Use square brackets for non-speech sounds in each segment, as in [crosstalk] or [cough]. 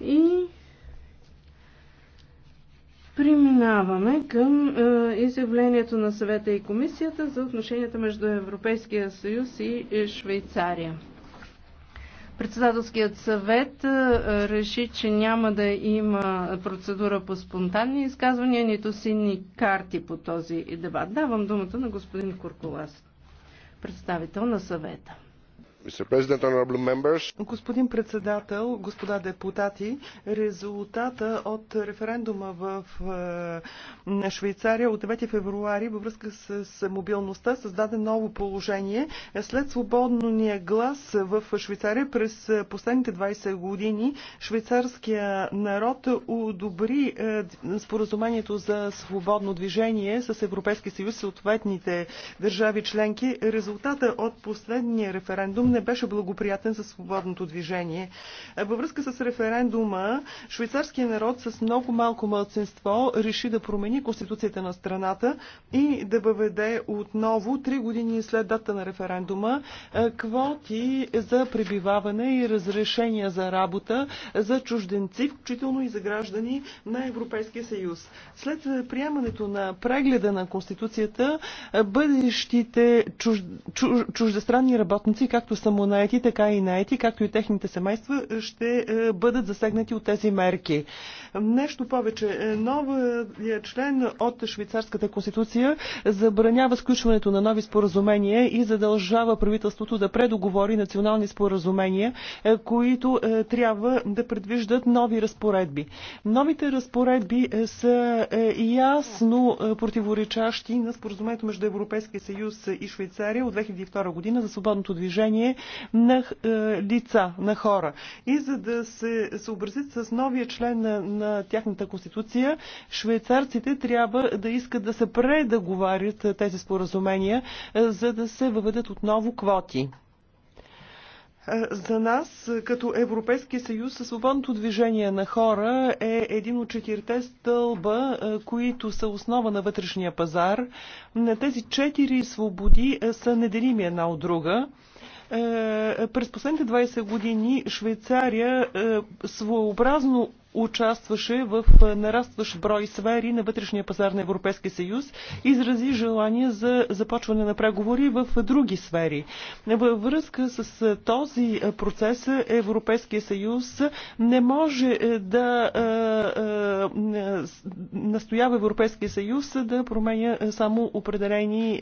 И преминаваме към е, изявлението на съвета и комисията за отношенията между Европейския съюз и е, Швейцария. Председателският съвет е, реши, че няма да има процедура по спонтанни изказвания, нито сини карти по този дебат. Давам думата на господин Куркулас, представител на съвета. Господин председател, господа депутати, резултата от референдума в е, Швейцария от 9 февруари във връзка с мобилността създаде ново положение. След свободния глас в Швейцария през последните 20 години швейцарския народ одобри е, споразумението за свободно движение с Европейския съюз, съответните държави членки. Резултата от последния референдум не беше благоприятен за свободното движение. Е, във връзка с референдума, швейцарския народ с много малко мълценство реши да промени конституцията на страната и да въведе отново, три години след дата на референдума, е, квоти за пребиваване и разрешения за работа за чужденци, включително и за граждани на Европейския съюз. След приемането на прегледа на Конституцията, е, бъдещите чуж... чуж... чуждестранни работници, както самонаети, така и наети, както и техните семейства, ще е, бъдат засегнати от тези мерки. Нещо повече. Е, новият член от Швейцарската конституция забранява сключването на нови споразумения и задължава правителството да предоговори национални споразумения, е, които трябва да предвиждат нови разпоредби. Новите разпоредби са ясно противоречащи на споразумението между Европейския съюз и Швейцария от 2002 година за свободното движение на е, лица, на хора. И за да се съобразят с новия член на, на тяхната конституция, швейцарците трябва да искат да се предаговарят е, тези споразумения, е, за да се въведат отново квоти. За нас, като Европейски съюз, свободното движение на хора е един от четирите стълба, които са основа на вътрешния пазар. Тези четири свободи са неделими една от друга. Е, през последните 20 години Швейцария е, своеобразно участваше в е, нарастващ брой сфери на вътрешния пазар на Европейския съюз, и изрази желание за започване на преговори в други сфери. Във връзка с е, този е, процес Европейския съюз не може да настоява Европейския съюз да променя само определени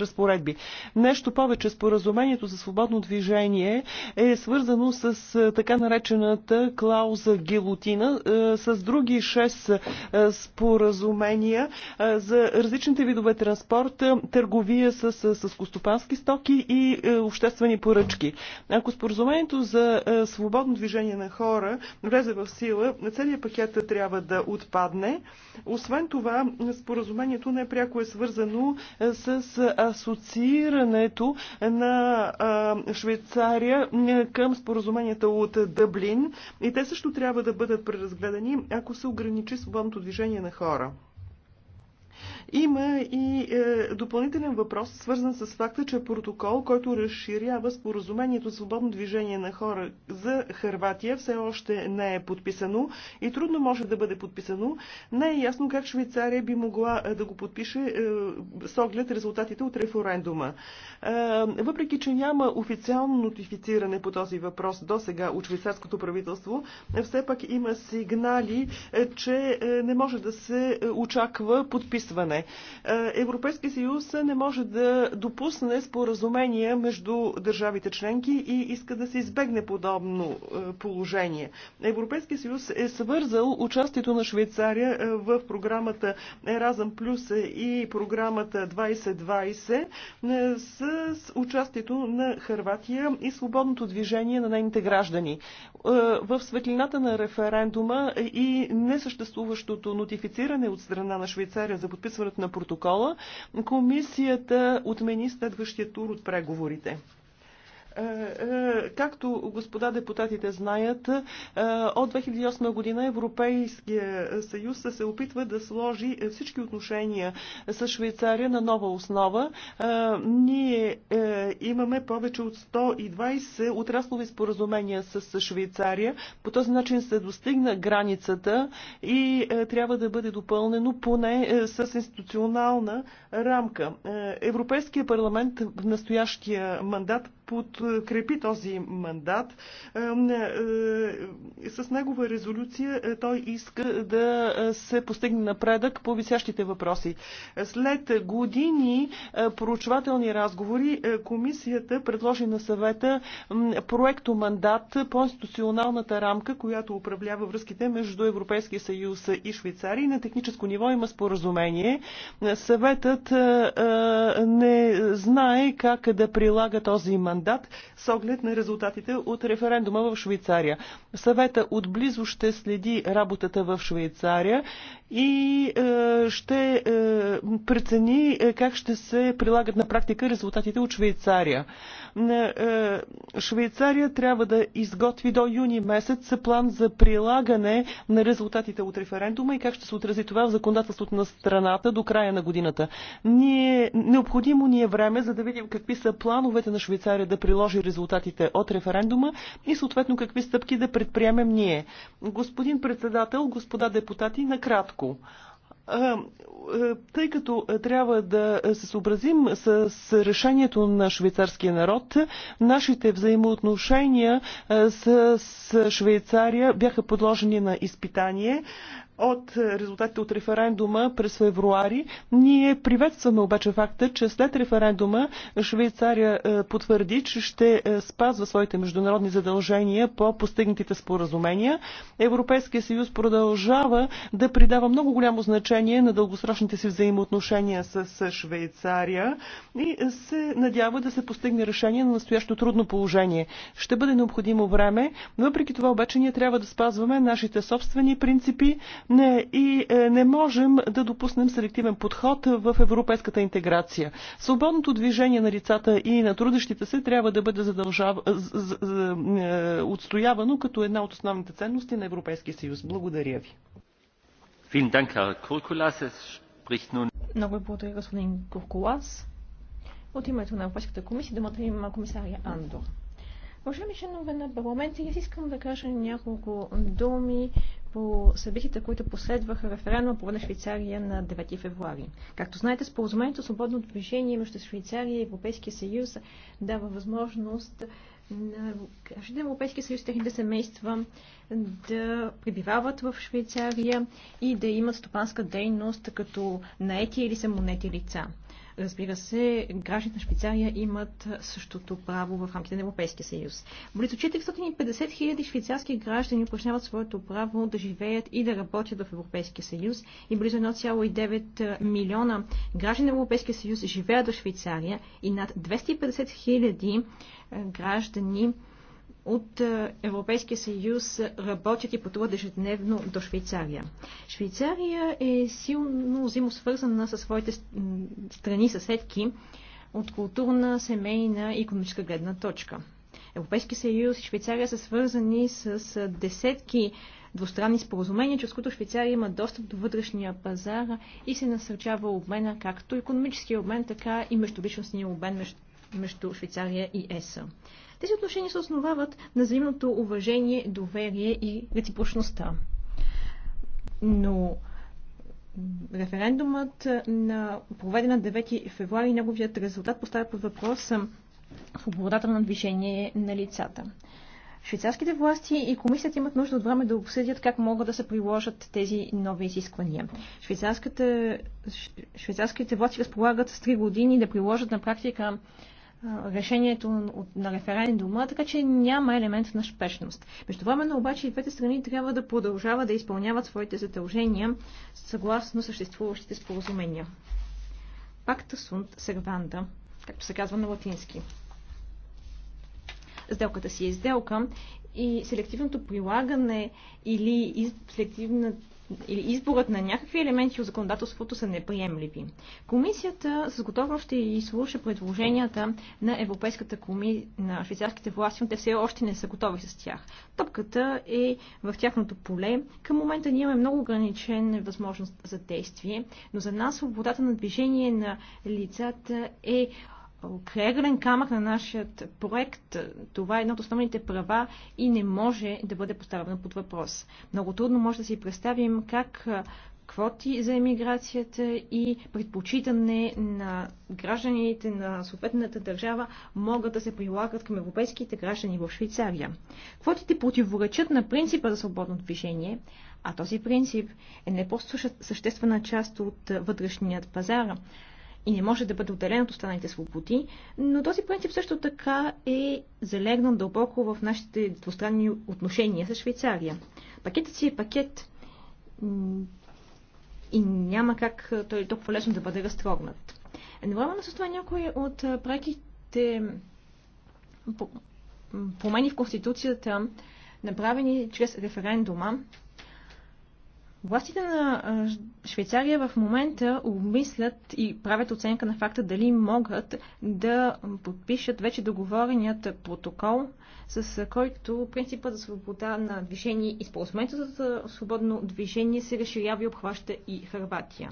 разпоредби. Нещо повече, споразумението за свободно движение е свързано с така наречената клауза гилотина, година е, с други 6 е, споразумения е, за различните видове транспорт, търговия с, с костопански стоки и обществени поръчки. Ако споразумението за свободно движение на хора влезе в сила, целият пакет трябва да отпадне. Освен това, споразумението не пряко е свързано с асоциирането на Швейцария към споразуменията от Дъблин и те също трябва да бъдат преразгледани, ако се ограничи свободното движение на хора. Има и е, допълнителен въпрос, свързан с факта, че протокол, който разширява споразумението за свободно движение на хора за Харватия, все още не е подписано и трудно може да бъде подписано. Не е ясно как Швейцария би могла е, да го подпише е, с оглед резултатите от референдума. Е, въпреки, че няма официално нотифициране по този въпрос до сега от швейцарското правителство, все пак има сигнали, е, че е, не може да се очаква подписване използване. Европейския съюз не може да допусне споразумения между държавите членки и иска да се избегне подобно е, положение. Европейския съюз е свързал участието на Швейцария е, в програмата Еразъм Плюс и програмата 2020 е, с участието на Харватия и свободното движение на нейните граждани. В светлината на референдума и несъществуващото нотифициране от страна на Швейцария за подписване авторът на протокола. Комисията отмени следващия тур от преговорите. Е, е, както господа депутатите знаят, е, от 2008 година Европейския съюз се опитва да сложи всички отношения с Швейцария на нова основа. Ние имаме повече от 120 отраслови споразумения с Швейцария. По този начин се достигна границата и трябва да бъде допълнено поне с институционална рамка. Европейския парламент в настоящия мандат подкрепи този мандат. Е, е, с негова резолюция е, той иска да се постигне напредък по висящите въпроси. След години проучвателни разговори комисията предложи на съвета проекто мандат по институционалната рамка, която управлява връзките между Европейския съюз и Швейцария. На техническо ниво има споразумение. Съветът не знае как да прилага този мандат мандат с оглед на резултатите от референдума в Швейцария. Съвета отблизо ще следи работата в Швейцария и е, ще е, прецени е, как ще се прилагат на практика резултатите от Швейцария. Швейцария трябва да изготви до юни месец план за прилагане на резултатите от референдума и как ще се отрази това в законодателството на страната до края на годината. Ние, необходимо ни е време, за да видим какви са плановете на Швейцария да приложи резултатите от референдума и съответно какви стъпки да предприемем ние. Господин председател, господа депутати, накратко кратко. Тъй като трябва да се съобразим с решението на швейцарския народ, нашите взаимоотношения с Швейцария бяха подложени на изпитание от резултатите от референдума през февруари. Ние приветстваме обаче факта, че след референдума Швейцария е, потвърди, че ще е, спазва своите международни задължения по постигнатите споразумения. Европейския съюз продължава да придава много голямо значение на дългосрочните си взаимоотношения с Швейцария и е, се надява да се постигне решение на настоящо трудно положение. Ще бъде необходимо време, въпреки това обаче ние трябва да спазваме нашите собствени принципи, не, и е, не можем да допуснем селективен подход в европейската интеграция. Свободното движение на лицата и на трудещите се трябва да бъде задължав... Е, отстоявано като една от основните ценности на Европейския съюз. Благодаря ви. Много благодаря, господин Куркулас. От името на Европейската комисия думата има комисария Андор. Уважаеми членове на парламента, аз искам да кажа няколко думи по събитията, които последваха референдума по на Швейцария на 9 февруари. Както знаете, споразумението свободно движение между Швейцария и Европейския съюз дава възможност на гражданите на Европейския съюз, техните семейства да пребивават в Швейцария и да имат стопанска дейност като наети или самонети лица. Разбира се, гражданите на Швейцария имат същото право в рамките на Европейския съюз. Близо 450 хиляди швейцарски граждани упражняват своето право да живеят и да работят в Европейския съюз и близо 1,9 милиона граждани на Европейския съюз живеят в Швейцария и над 250 хиляди граждани от е, Европейския съюз работят и пътуват ежедневно до Швейцария. Швейцария е силно взаимосвързана със своите страни съседки от културна, семейна и економическа гледна точка. Европейския съюз и Швейцария са свързани с десетки двустранни споразумения, чрез които Швейцария има достъп до вътрешния пазар и се насърчава обмена, както економическия обмен, така и междуличностния обмен между Швейцария и ЕСА. Тези отношения се основават на взаимното уважение, доверие и реципрочността. Но референдумът на проведен на 9 февруари и неговият резултат поставя под въпрос свободата на движение на лицата. Швейцарските власти и комисията имат нужда от време да обсъдят как могат да се приложат тези нови изисквания. Швейцарските, швейцарските власти разполагат с 3 години да приложат на практика решението на референдума, така че няма елемент на спешност. Междувременно обаче и двете страни трябва да продължават да изпълняват своите задължения съгласно съществуващите споразумения. Пакта сунт серванда, както се казва на латински. Сделката си е сделка и селективното прилагане или селективната или изборът на някакви елементи от законодателството са неприемливи. Комисията с готовност ще изслуша предложенията на Европейската комисия, на швейцарските власти, но те все още не са готови с тях. Топката е в тяхното поле. Към момента ние имаме много ограничен възможност за действие, но за нас свободата на движение на лицата е крегълен камък на нашият проект. Това е едно от основните права и не може да бъде поставено под въпрос. Много трудно може да си представим как квоти за емиграцията и предпочитане на гражданите на съответната държава могат да се прилагат към европейските граждани в Швейцария. Квотите противоречат на принципа за свободно движение, а този принцип е не просто съществена част от вътрешният пазар, и не може да бъде отделен от останалите свободи, но този принцип също така е залегнал дълбоко в нашите двустранни отношения с Швейцария. Пакетът си е пакет и няма как той е толкова лесно да бъде разтрогнат. Едновременно с това някои от преките промени в Конституцията, направени чрез референдума, Властите на Швейцария в момента обмислят и правят оценка на факта дали могат да подпишат вече договореният протокол, с който принципът за свобода на движение и споразумението за свободно движение се разширява и обхваща и Харватия.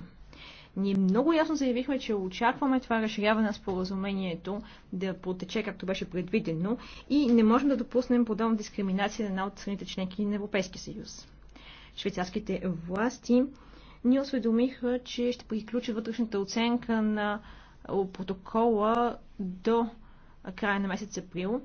Ние много ясно заявихме, че очакваме това разширяване на споразумението да протече както беше предвидено и не можем да допуснем подобна дискриминация на една от страните членки на Европейския съюз швейцарските власти ни осведомиха, че ще приключи вътрешната оценка на протокола до края на месец април.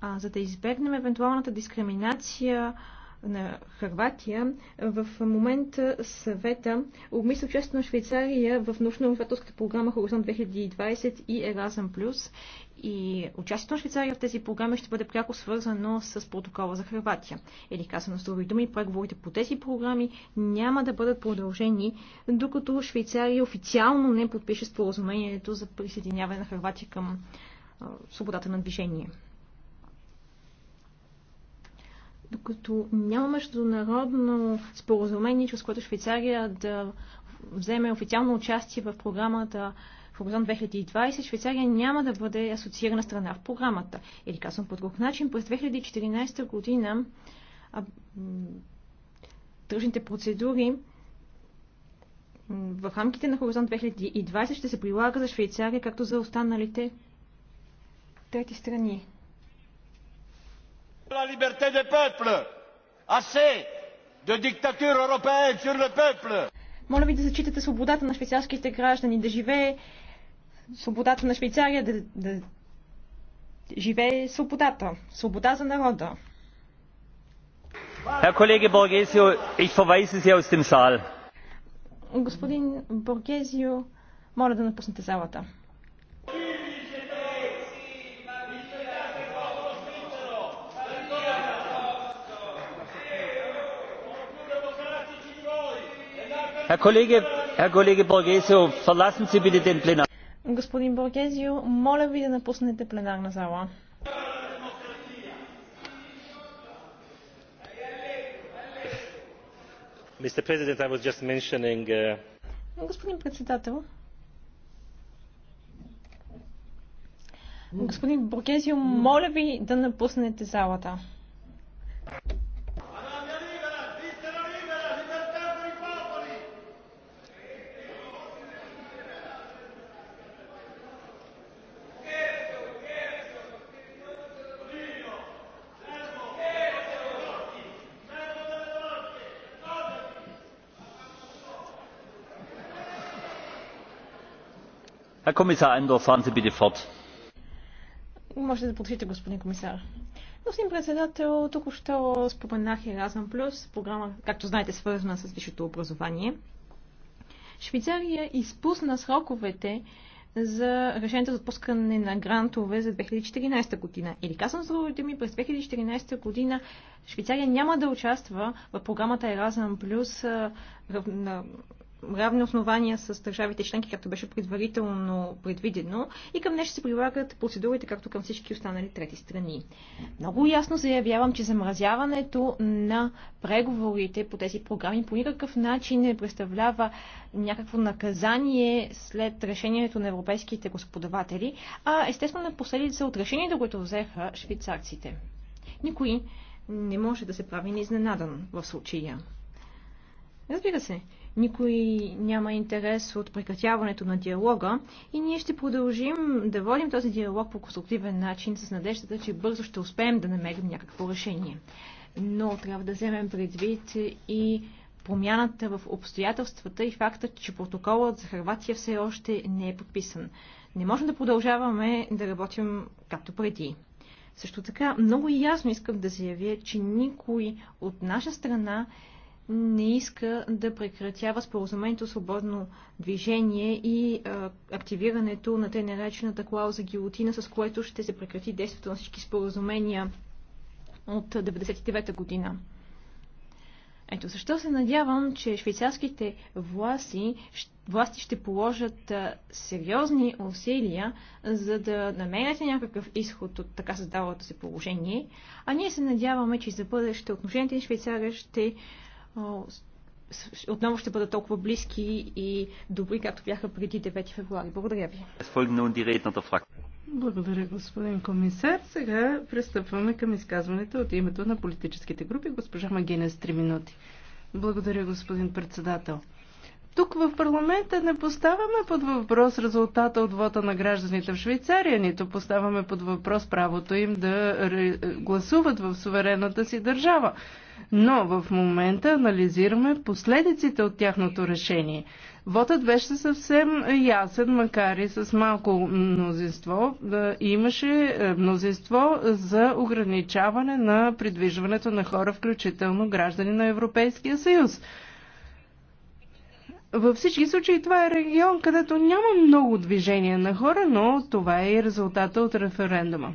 А, за да избегнем евентуалната дискриминация на Харватия, в момента съвета обмисля участието на Швейцария в научно-изследователската програма Хоризонт 2020 и Еразъм Плюс. И участието на Швейцария в тези програми ще бъде пряко свързано с протокола за Харватия. Или казано с други думи, преговорите по тези програми няма да бъдат продължени, докато Швейцария официално не подпише споразумението за присъединяване на Харватия към свободата на движение докато няма международно споразумение, чрез което Швейцария да вземе официално участие в програмата Хоризонт 2020, Швейцария няма да бъде асоциирана страна в програмата. Или казвам по друг начин, през 2014 година а, тръжните процедури в рамките на Хоризонт 2020 ще се прилага за Швейцария, както за останалите трети страни. La liberté des peuples! Assez de dictature européenne sur le peuple! Моля ви да зачитате свободата на швейцарските граждани, да живее свободата на Швейцария, да, да живее свободата, свобода за народа. Herr Kollege Borgesio, ich verweise Sie aus dem Saal. Господин Боргезио, моля да напуснете залата. Господин Боргезио, моля ви да напуснете пленарна зала. Mentioning... Uh, господин председател, господин Боргезио, моля ви да напуснете залата. herr kommissar andor fahren sie bitte fort. Можете да продължите, господин комисар. Господин председател, току-що споменах Еразъм Плюс, програма, както знаете, свързана с висшето образование. Швейцария изпусна сроковете за решението за отпускане на грантове за 2014 година. Или казвам с другите ми, през 2014 година Швейцария няма да участва в програмата Еразъм Плюс равни основания с държавите членки, както беше предварително предвидено, и към нещо се прилагат процедурите, както към всички останали трети страни. Много ясно заявявам, че замразяването на преговорите по тези програми по никакъв начин не представлява някакво наказание след решението на европейските господаватели, а естествено последица от решението, което взеха швейцарците. Никой не може да се прави неизненадан в случая. Разбира се, никой няма интерес от прекратяването на диалога и ние ще продължим да водим този диалог по конструктивен начин с надеждата, че бързо ще успеем да намерим някакво решение. Но трябва да вземем предвид и промяната в обстоятелствата и факта, че протоколът за Харватия все още не е подписан. Не можем да продължаваме да работим както преди. Също така, много ясно искам да заявя, че никой от наша страна не иска да прекратява споразумението свободно движение и а, активирането на тъй наречената клауза гилотина, с което ще се прекрати действието на всички споразумения от 1999 година. Ето защо се надявам, че швейцарските власти, власти ще положат сериозни усилия, за да намерят някакъв изход от така създалото се положение, а ние се надяваме, че за бъдеще отношенията на Швейцария ще отново ще бъдат толкова близки и добри, както бяха преди 9 февруари. Благодаря ви. Благодаря, господин комисар. Сега пристъпваме към изказването от името на политическите групи. Госпожа Магина с 3 минути. Благодаря, господин председател. Тук в парламента не поставяме под въпрос резултата от вота на гражданите в Швейцария, нито поставяме под въпрос правото им да гласуват в суверенната си държава. Но в момента анализираме последиците от тяхното решение. Вотът беше съвсем ясен, макар и с малко мнозинство. Да имаше е, мнозинство за ограничаване на придвижването на хора, включително граждани на Европейския съюз. Във всички случаи това е регион, където няма много движение на хора, но това е и резултата от референдума.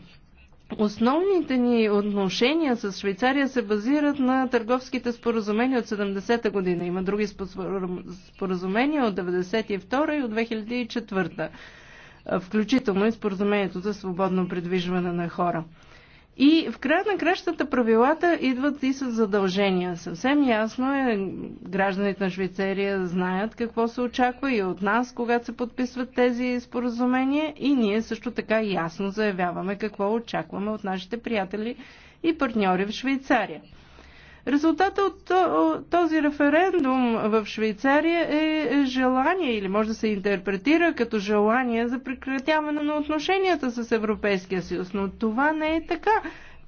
Основните ни отношения с Швейцария се базират на търговските споразумения от 70-та година. Има други споразумения от 92-та и от 2004-та, включително и споразумението за свободно придвижване на хора. И в края на кращата правилата идват и с задължения. Съвсем ясно е, гражданите на Швейцария знаят какво се очаква и от нас, когато се подписват тези споразумения и ние също така ясно заявяваме какво очакваме от нашите приятели и партньори в Швейцария. Резултата от този референдум в Швейцария е желание или може да се интерпретира като желание за прекратяване на отношенията с Европейския съюз, но това не е така.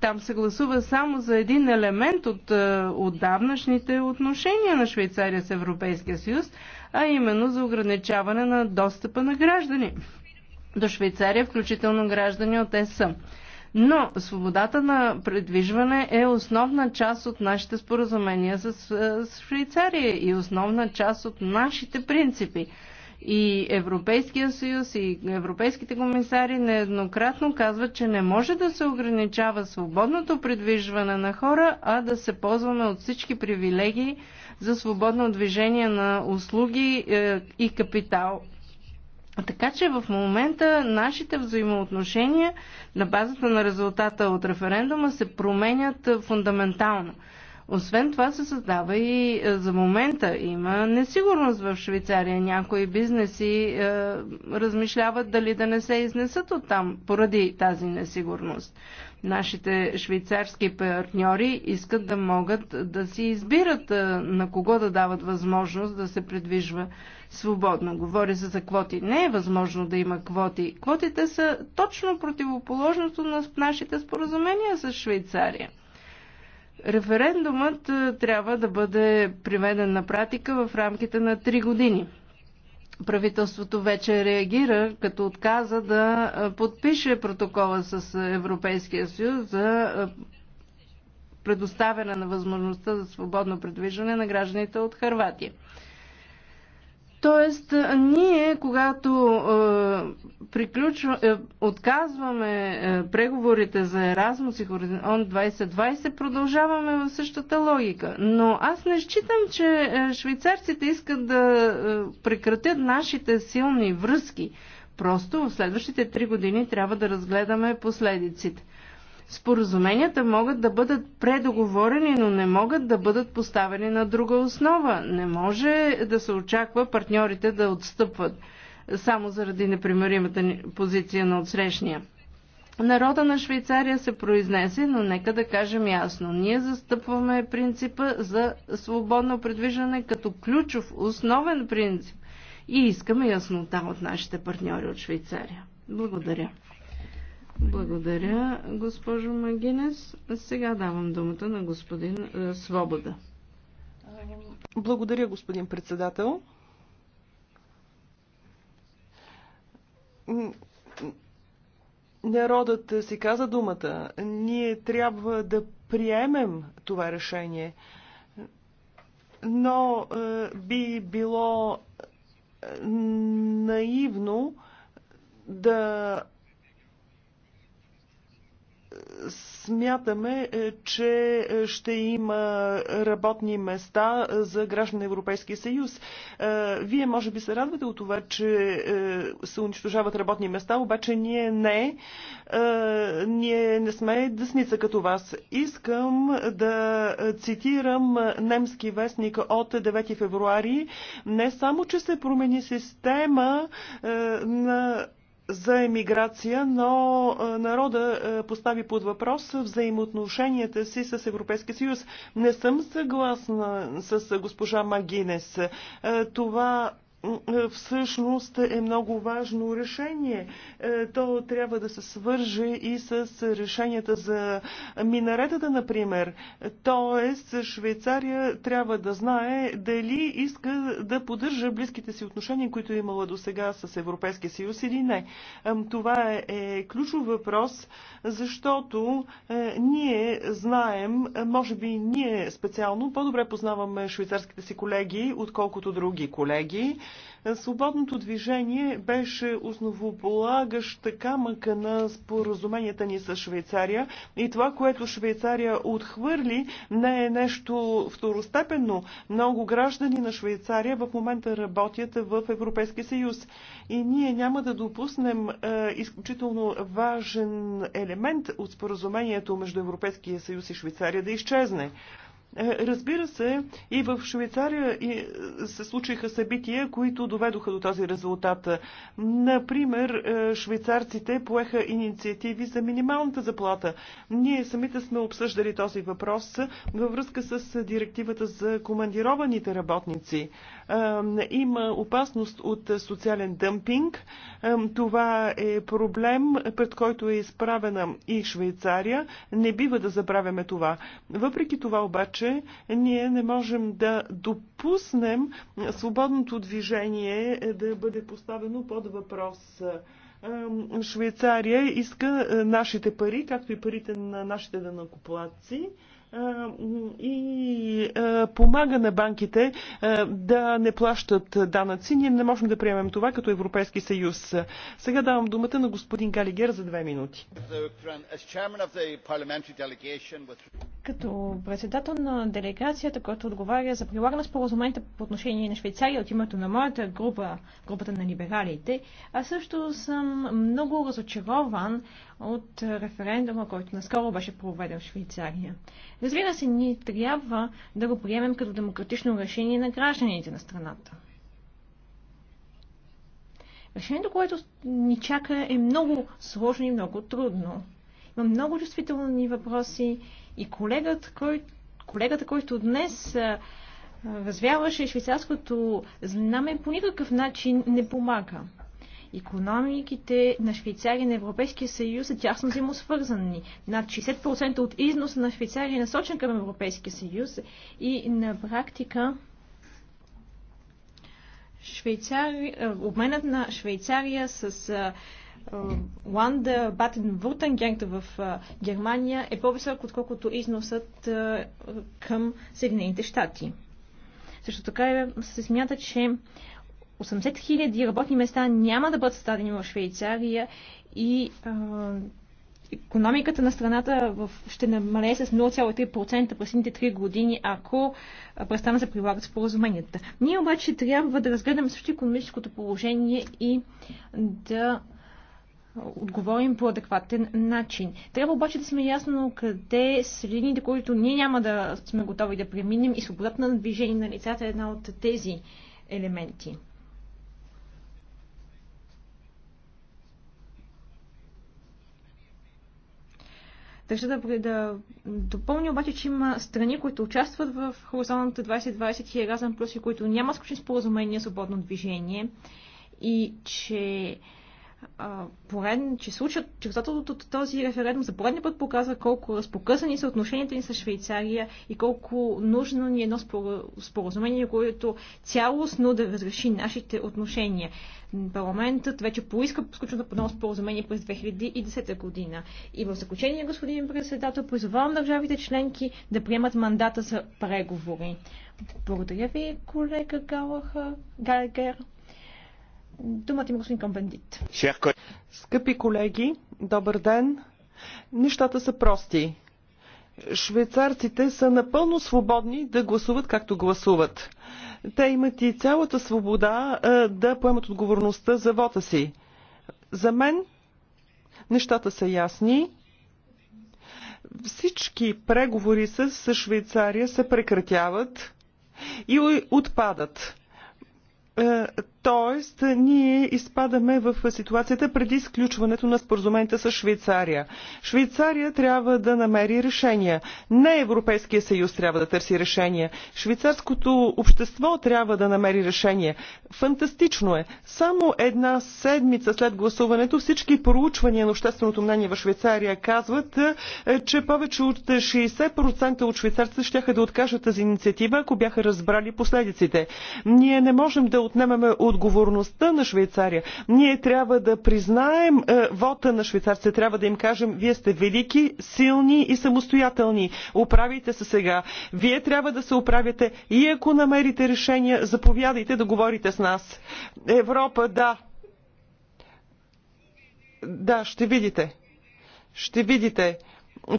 Там се гласува само за един елемент от е, отдавнашните отношения на Швейцария с Европейския съюз, а именно за ограничаване на достъпа на граждани до Швейцария, включително граждани от ЕСА. Но свободата на предвижване е основна част от нашите споразумения с, е, с Швейцария и основна част от нашите принципи. И Европейския съюз и европейските комисари нееднократно казват, че не може да се ограничава свободното предвижване на хора, а да се ползваме от всички привилегии за свободно движение на услуги е, и капитал така че в момента нашите взаимоотношения на базата на резултата от референдума се променят фундаментално. Освен това се създава и за момента има несигурност в Швейцария. Някои бизнеси е, размишляват дали да не се изнесат от там поради тази несигурност. Нашите швейцарски партньори искат да могат да си избират на кого да дават възможност да се предвижва свободно. Говори се за квоти. Не е възможно да има квоти. Квотите са точно противоположното на нашите споразумения с Швейцария. Референдумът трябва да бъде приведен на практика в рамките на 3 години правителството вече реагира, като отказа да подпише протокола с Европейския съюз за предоставяне на възможността за свободно предвижване на гражданите от Харватия. Тоест, ние, когато приключва, е, отказваме е, преговорите за Еразмус и Хоризонт 2020, продължаваме в същата логика. Но аз не считам, че е, швейцарците искат да е, прекратят нашите силни връзки. Просто в следващите три години трябва да разгледаме последиците. Споразуменията могат да бъдат предоговорени, но не могат да бъдат поставени на друга основа. Не може да се очаква партньорите да отстъпват само заради непримиримата позиция на отсрещния. Народа на Швейцария се произнесе, но нека да кажем ясно. Ние застъпваме принципа за свободно предвиждане като ключов, основен принцип и искаме яснота от нашите партньори от Швейцария. Благодаря. Благодаря, госпожо Магинес. Сега давам думата на господин е, Свобода. Благодаря, господин председател. Народът си каза думата. Ние трябва да приемем това решение. Но е, би било е, наивно да Смятаме, е, че е, ще има работни места е, за граждани на Европейския съюз. Вие може би се радвате от това, че се унищожават работни места, обаче ние не. Ние не сме десница като вас. Искам да цитирам немски вестник от 9 февруари. Не само, че се промени система на за емиграция, но е, народа е, постави под въпрос взаимоотношенията си с Европейския съюз. Не съм съгласна с е, госпожа Магинес. Това е, всъщност е много важно решение. Е, то трябва да се свърже и с решенията за минаретата, например. Тоест, Швейцария трябва да знае дали иска да поддържа близките си отношения, които е имала до сега с Европейския съюз или не. Това е, е ключов въпрос, защото ние знаем, може би ние специално по-добре познаваме швейцарските си колеги, отколкото други колеги Свободното движение беше основополагаща камъка на споразуменията ни с Швейцария и това, което Швейцария отхвърли, не е нещо второстепенно. Много граждани на Швейцария в момента работят в Европейския съюз и ние няма да допуснем е, изключително важен елемент от споразумението между Европейския съюз и Швейцария да изчезне. Е, разбира се, и в Швейцария е, се случиха събития, които доведоха до този резултат. Например, е, швейцарците поеха инициативи за минималната заплата. Ние самите сме обсъждали този въпрос във връзка с директивата за командированите работници. Има опасност от социален дъмпинг. Това е проблем, пред който е изправена и Швейцария. Не бива да забравяме това. Въпреки това обаче, ние не можем да допуснем свободното движение да бъде поставено под въпрос. Швейцария иска е, нашите пари, както и парите на нашите данакоплатци и е, помага на банките е, да не плащат данъци. Ние не можем да приемем това като Европейски съюз. Сега давам думата на господин Галигер за две минути. Като председател на делегацията, която отговаря за прилагане на споразумението по отношение на Швейцария от името на моята група, групата на либералите, а също съм много разочарован от референдума, който наскоро беше проведен в Швейцария. Разбира се, ни трябва да го приемем като демократично решение на гражданите на страната. Решението, което ни чака е много сложно и много трудно. Има много чувствителни въпроси и колегата, кой, колегата, който днес развяваше швейцарското знаме, по никакъв начин не помага. Економиките на Швейцария и на Европейския съюз са тясно взаимосвързани. Над 60% от износа на Швейцария е насочен към Европейския съюз и на практика Швейцари... обменът на Швейцария с е, Ланда, Батен, Вуртенгенг в е, Германия е по-висок, отколкото износът е, към Съединените щати. Също така се смята, че 80 000 работни места няма да бъдат създадени в Швейцария и економиката на страната ще намалее с 0,3% през следните 3 години, ако престана се прилагат споразуменията. Ние обаче трябва да разгледаме също економическото положение и да отговорим по адекватен начин. Трябва обаче да сме ясно къде са линиите, които ние няма да сме готови да преминем и свободата на движение на лицата е една от тези елементи. Държа да, да допълня обаче, че има страни, които участват в Хоризонт 2020 и Еразъм Плюс и които няма сключени споразумения свободно движение и че пореден, че случат, че резултатът от този референдум за поредния път показва колко разпокъсани са отношенията ни с Швейцария и колко нужно ни е едно споразумение, което цялостно да разреши нашите отношения. Парламентът вече поиска сключването по ново споразумение през 2010 година. И в заключение, господин председател, призовавам държавите членки да приемат мандата за преговори. Благодаря ви, колега Галаха, Гайгер. Думата има господин Камбендит. Скъпи колеги, добър ден. Нещата са прости. Швейцарците са напълно свободни да гласуват както гласуват. Те имат и цялата свобода да поемат отговорността за вота си. За мен нещата са ясни. Всички преговори с Швейцария се прекратяват и отпадат Тоест, ние изпадаме в ситуацията преди сключването на споразумента с Швейцария. Швейцария трябва да намери решения. Не Европейския съюз трябва да търси решения. Швейцарското общество трябва да намери решение. Фантастично е. Само една седмица след гласуването всички проучвания на общественото мнение в Швейцария казват, е, че повече от 60% от швейцарците ще да откажат тази инициатива, ако бяха разбрали последиците. Ние не можем да отнемаме от отговорността на Швейцария. Ние трябва да признаем е, вота на швейцарците, трябва да им кажем, вие сте велики, силни и самостоятелни. Управите се сега. Вие трябва да се управите и ако намерите решения, заповядайте да говорите с нас. Европа, да. Да, ще видите. Ще видите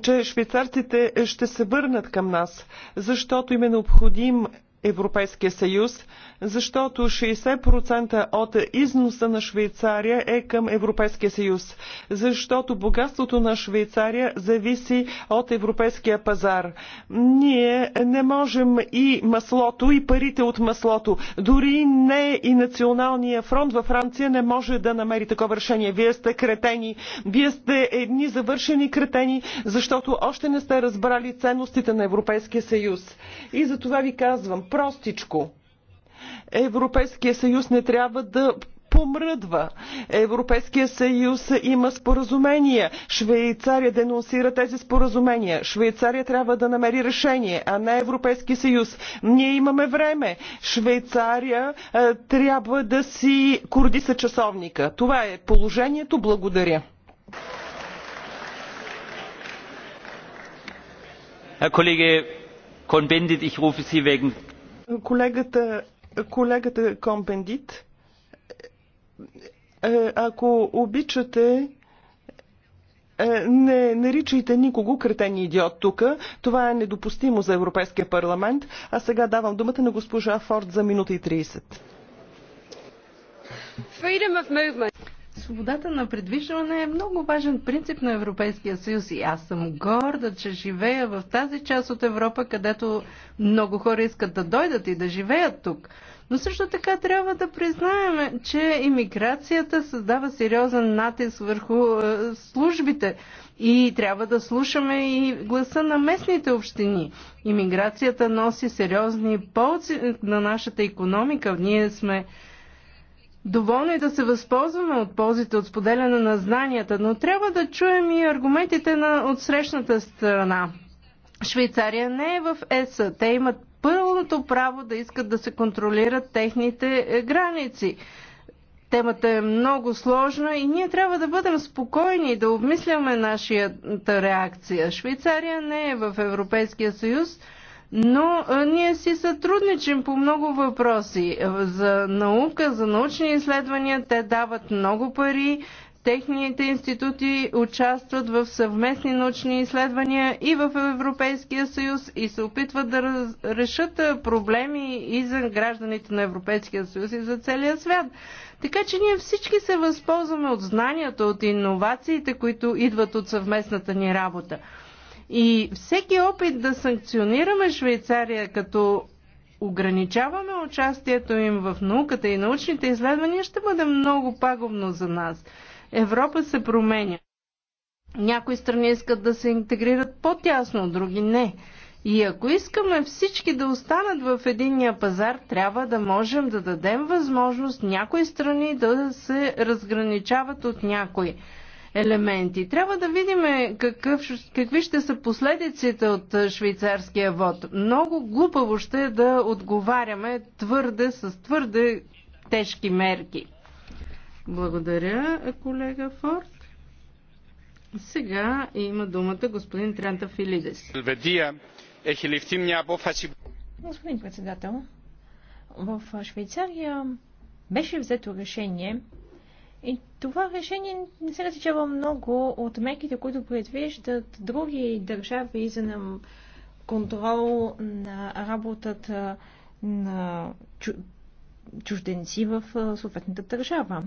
че швейцарците ще се върнат към нас, защото им е необходим Европейския съюз, защото 60% от износа на Швейцария е към Европейския съюз, защото богатството на Швейцария зависи от европейския пазар. Ние не можем и маслото, и парите от маслото, дори не и Националния фронт във Франция не може да намери такова решение. Вие сте кретени, вие сте едни завършени кретени, защото още не сте разбрали ценностите на Европейския съюз. И за това ви казвам, простичко. Европейския съюз не трябва да помръдва. Европейския съюз има споразумения. Швейцария денонсира тези споразумения. Швейцария трябва да намери решение, а не Европейски съюз. Ние имаме време. Швейцария е, трябва да си са часовника. Това е положението. Благодаря. Колеги, Kollege Cohn-Bendit, ich rufe Sie wegen Колегата, колегата Компендит, е, ако обичате, е, не наричайте никого кретен идиот тук. Това е недопустимо за Европейския парламент. А сега давам думата на госпожа Форд за минута и 30 свободата на предвижване е много важен принцип на Европейския съюз и аз съм горда, че живея в тази част от Европа, където много хора искат да дойдат и да живеят тук. Но също така трябва да признаем, че иммиграцията създава сериозен натиск върху е, службите и трябва да слушаме и гласа на местните общини. Имиграцията носи сериозни полци на нашата економика. Ние сме Доволно е да се възползваме от ползите от споделяне на знанията, но трябва да чуем и аргументите на отсрещната страна. Швейцария не е в ЕС. Те имат пълното право да искат да се контролират техните е, граници. Темата е много сложна и ние трябва да бъдем спокойни и да обмисляме нашата реакция. Швейцария не е в Европейския съюз но а, ние си сътрудничим по много въпроси. Е, за наука, за научни изследвания те дават много пари. Техните институти участват в съвместни научни изследвания и в Европейския съюз и се опитват да решат проблеми и за гражданите на Европейския съюз и за целия свят. Така че ние всички се възползваме от знанията, от иновациите, които идват от съвместната ни работа. И всеки опит да санкционираме Швейцария, като ограничаваме участието им в науката и научните изследвания, ще бъде много пагубно за нас. Европа се променя. Някои страни искат да се интегрират по-тясно, други не. И ако искаме всички да останат в единния пазар, трябва да можем да дадем възможност някои страни да се разграничават от някои елементи. Трябва да видим е, какъв, какви ще са последиците от е, швейцарския вод. Много глупаво ще е да отговаряме твърде с твърде тежки мерки. Благодаря, е, колега Форд. Сега има думата господин Трента Филидес. Господин председател, в Швейцария беше взето решение и това решение не се различава много от мерките, които предвиждат други държави за нам контрол на работата на чужденци в съответната държава.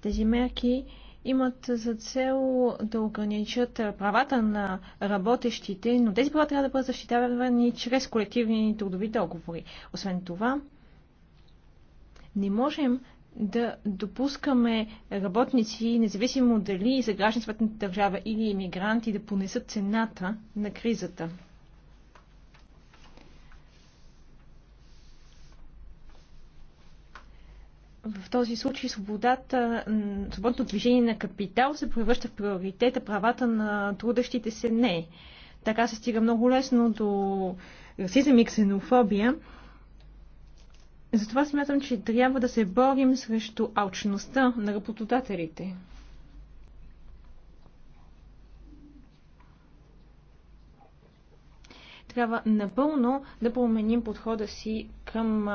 Тези мерки имат за цел да ограничат правата на работещите, но тези права трябва да бъдат защитавани чрез колективни трудови договори. Освен това, не можем да допускаме работници, независимо дали са граждани съответната държава или иммигранти, да понесат цената на кризата. В този случай свободата, свободното движение на капитал се превръща в приоритета, правата на трудещите се не. Така се стига много лесно до расизъм и ксенофобия затова смятам, че трябва да се борим срещу алчността на работодателите. трябва напълно да променим подхода си към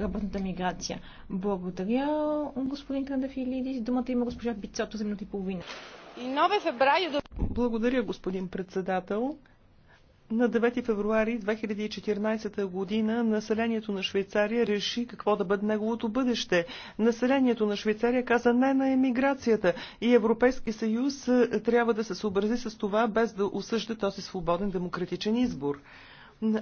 работната миграция. Благодаря, господин Кандафилидис. Думата има госпожа Бицото за минути и половина. Благодаря, господин председател. На 9 февруари 2014 година населението на Швейцария реши какво да бъде неговото бъдеще. Населението на Швейцария каза не на емиграцията и Европейски съюз е, трябва да се съобрази с това, без да осъжда този свободен демократичен избор.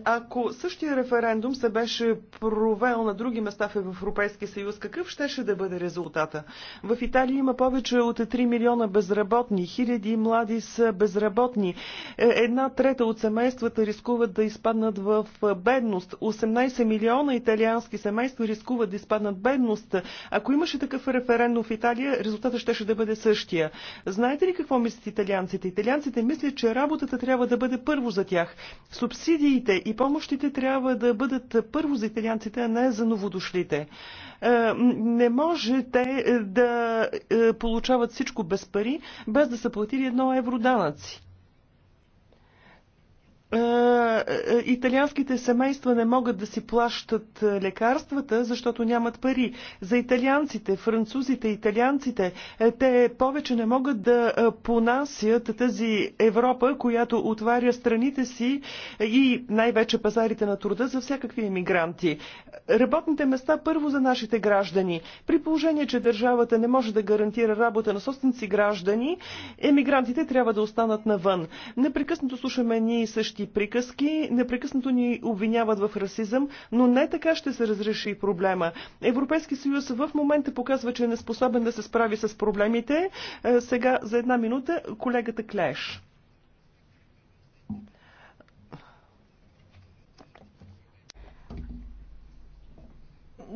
Ако същия референдум се беше провел на други места в Европейския съюз, какъв щеше да бъде резултата? В Италия има повече от 3 милиона безработни, хиляди млади са безработни. Е, една трета от семействата рискуват да изпаднат в бедност. 18 милиона италиански семейства рискуват да изпаднат в бедност. Ако имаше такъв референдум в Италия, резултата щеше да бъде същия. Знаете ли какво мислят италианците? Италианците мислят, че работата трябва да бъде първо за тях. Субсидиите мерките и помощите трябва да бъдат първо за италианците, а не за новодошлите. Е, не може те е, да е, получават всичко без пари, без да са платили едно евро данъци. Е, е, италианските семейства не могат да си плащат е, лекарствата, защото нямат пари. За италианците, французите, италианците, те повече не могат да понасят тази Европа, която отваря страните си и най-вече пазарите на труда за всякакви иммигранти. Работните места първо за нашите граждани. При положение, че държавата не може да гарантира работа на собственици граждани, емигрантите трябва да останат навън. Непрекъснато слушаме ние същи приказки, непрекъснато ни обвиняват в расизъм, но не така ще се разреши проблема. Европейски съюз в момента показва, че е неспособен да се справи с проблемите. Е, сега за една минута колегата Клеш.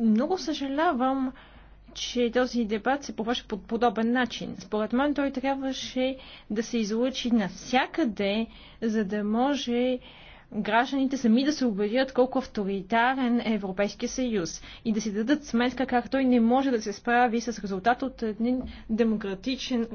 Много съжалявам, че този дебат се поваше по подобен начин. Според мен той трябваше да се излучи навсякъде, за да може гражданите сами да се убедят колко авторитарен е Европейския съюз и да си дадат сметка как той не може да се справи с резултат от един демократичен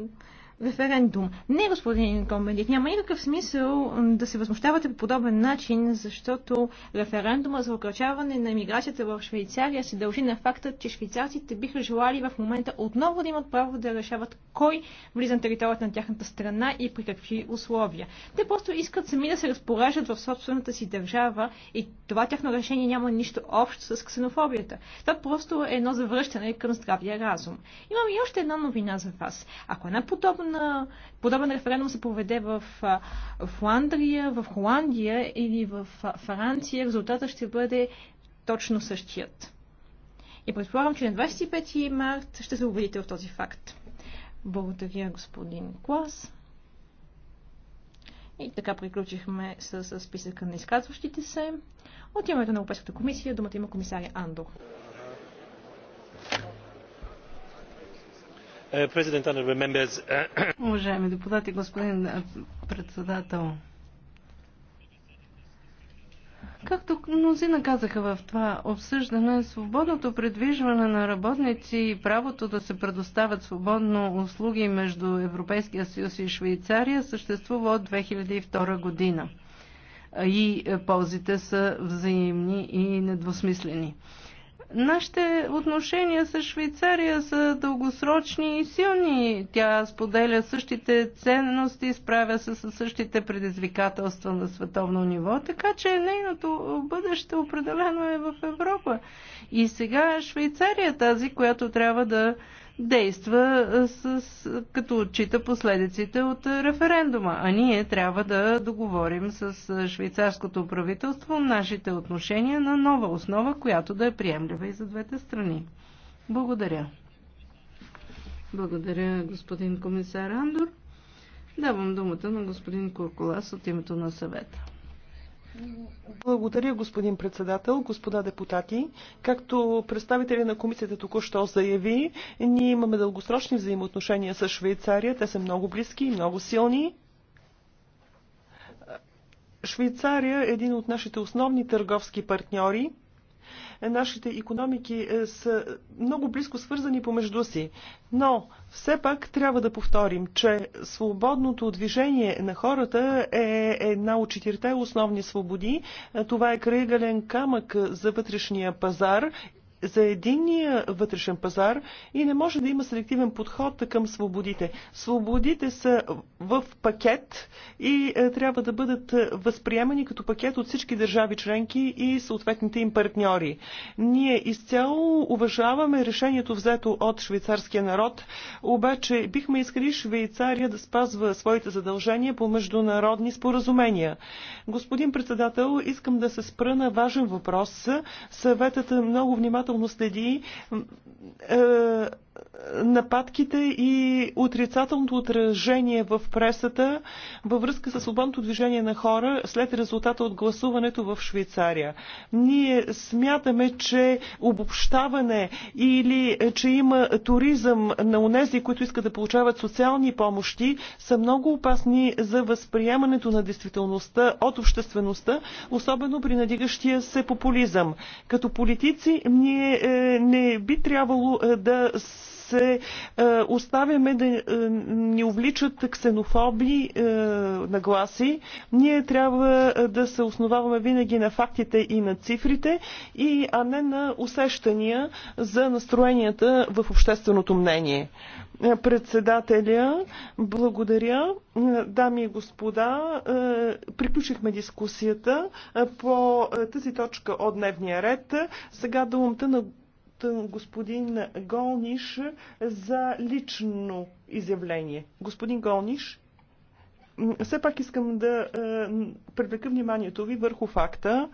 референдум. Не, господин Комбендит, няма никакъв смисъл да се възмущавате по подобен начин, защото референдума за окръчаване на емиграцията в Швейцария се дължи на факта, че швейцарците биха желали в момента отново да имат право да решават кой влиза на територията на тяхната страна и при какви условия. Те просто искат сами да се разпореждат в собствената си държава и това тяхно решение няма нищо общо с ксенофобията. Това просто е едно завръщане към здравия разум. Имам и още една новина за вас. Ако една подобна подобна, подобен референдум се проведе в Фландрия, в Холандия или в Франция, резултата ще бъде точно същият. И предполагам, че на 25 март ще се убедите в този факт. Благодаря, господин Клас. И така приключихме с, с списъка на изказващите се. От името на Европейската комисия думата има комисаря Андор. Uh, uh, [coughs] Уважаеми депутати, господин председател, Както мнозина казаха в това обсъждане, свободното предвижване на работници и правото да се предоставят свободно услуги между Европейския съюз и Швейцария съществува от 2002 година. И ползите са взаимни и недвусмислени. Нашите отношения с Швейцария са дългосрочни и силни. Тя споделя същите ценности, справя се с същите предизвикателства на световно ниво, така че нейното бъдеще определено е в Европа. И сега Швейцария е тази, която трябва да действа с, като отчита последиците от референдума. А ние трябва да договорим с швейцарското правителство нашите отношения на нова основа, която да е приемлива и за двете страни. Благодаря. Благодаря, господин комисар Андор. Давам думата на господин Курколас от името на съвета. Благодаря, господин председател, господа депутати. Както представители на комисията току-що заяви, ние имаме дългосрочни взаимоотношения с Швейцария. Те са много близки и много силни. Швейцария е един от нашите основни търговски партньори. Нашите економики е, са много близко свързани помежду си. Но все пак трябва да повторим, че свободното движение на хората е една от четирите основни свободи. Е, това е крайгален камък за вътрешния пазар за единния вътрешен пазар и не може да има селективен подход към свободите. Свободите са в пакет и е, трябва да бъдат възприемани като пакет от всички държави членки и съответните им партньори. Ние изцяло уважаваме решението взето от швейцарския народ, обаче бихме искали Швейцария да спазва своите задължения по международни споразумения. Господин председател, искам да се спра на важен въпрос. Съветът много внимателно внимателно следи е, нападките и отрицателното отражение в пресата във връзка с свободното движение на хора след резултата от гласуването в Швейцария. Ние смятаме, че обобщаване или е, че има туризъм на унези, които искат да получават социални помощи, са много опасни за възприемането на действителността от обществеността, особено при надигащия се популизъм. Като политици ние е, не би трябвало е, да се е, оставяме да е, ни увличат ксенофоби е, нагласи. Ние трябва да се основаваме винаги на фактите и на цифрите, и, а не на усещания за настроенията в общественото мнение. Председателя, благодаря. Дами и господа, приключихме дискусията по тази точка от дневния ред. Сега думата на господин Голниш за лично изявление. Господин Голниш, все пак искам да е, привлека вниманието ви върху факта,